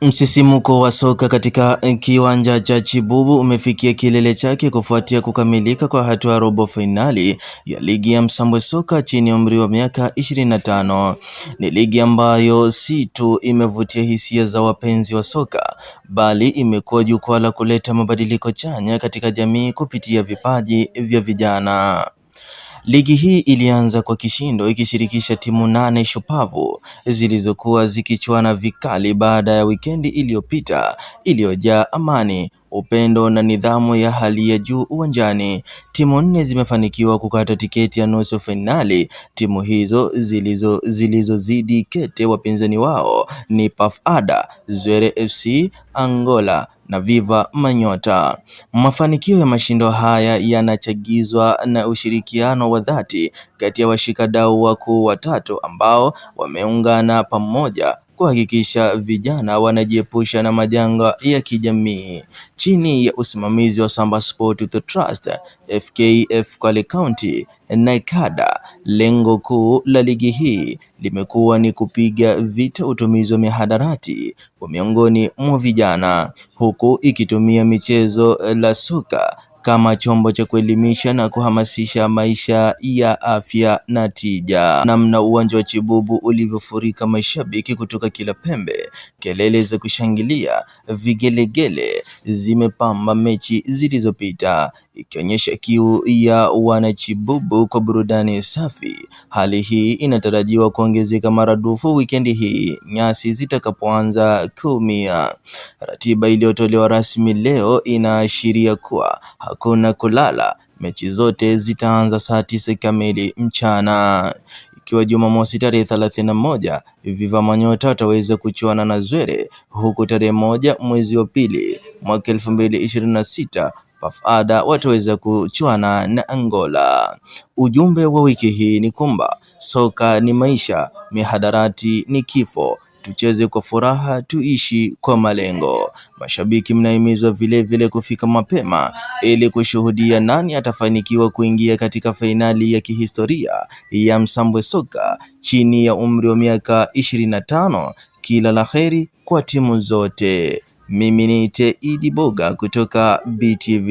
Msisimuko wa soka katika kiwanja cha Chibubu umefikia kilele chake kufuatia kukamilika kwa hatua ya robo fainali ya ligi ya Msambwe soka chini ya umri wa miaka 25. Ni ligi ambayo si tu imevutia hisia za wapenzi wa soka, bali imekuwa jukwaa la kuleta mabadiliko chanya katika jamii kupitia vipaji vya vijana. Ligi hii ilianza kwa kishindo ikishirikisha timu nane shupavu zilizokuwa zikichuana vikali baada ya wikendi iliyopita iliyojaa amani upendo na nidhamu ya hali ya juu uwanjani. Timu nne zimefanikiwa kukata tiketi ya nusu fainali. Timu hizo zilizozidi kete wapinzani wao ni Paf Ada, Zwere FC, Angola na Viva Manyota. Mafanikio ya mashindo haya yanachagizwa na ushirikiano wa dhati kati ya washikadau wakuu watatu ambao wameungana pamoja kuhakikisha vijana wanajiepusha na majanga ya kijamii chini ya usimamizi wa Samba Sport The Trust FKF Kwale County Ikada, Lengo kuu la ligi hii limekuwa ni kupiga vita utumizi wa mihadarati kwa miongoni mwa vijana, huku ikitumia michezo la soka kama chombo cha kuelimisha na kuhamasisha maisha ya afya na tija. Namna uwanja wa Chibubu ulivyofurika mashabiki kutoka kila pembe, kelele za kushangilia, vigelegele zimepamba mechi zilizopita ikionyesha kiu ya wanachibubu kwa burudani safi. Hali hii inatarajiwa kuongezeka maradufu wikendi hii nyasi zitakapoanza kuumia. Ratiba iliyotolewa rasmi leo inaashiria kuwa hakuna kulala, mechi zote zitaanza saa tisa kamili mchana ikiwa Jumamosi tarehe thelathini na moja Viva Manyota wataweza kuchuana na Zwere, huku tarehe moja mwezi wa pili mwaka elfu mbili ishirini na sita Pafada wataweza kuchuana na Angola. Ujumbe wa wiki hii ni kwamba soka ni maisha, mihadarati ni kifo. Tucheze kwa furaha, tuishi kwa malengo. Mashabiki mnahimizwa vilevile kufika mapema ili kushuhudia nani atafanikiwa kuingia katika fainali ya kihistoria ya Msambwe Soka chini ya umri wa miaka 25. Kila la heri kwa timu zote. Mimi ni Teidi Boga kutoka BTV.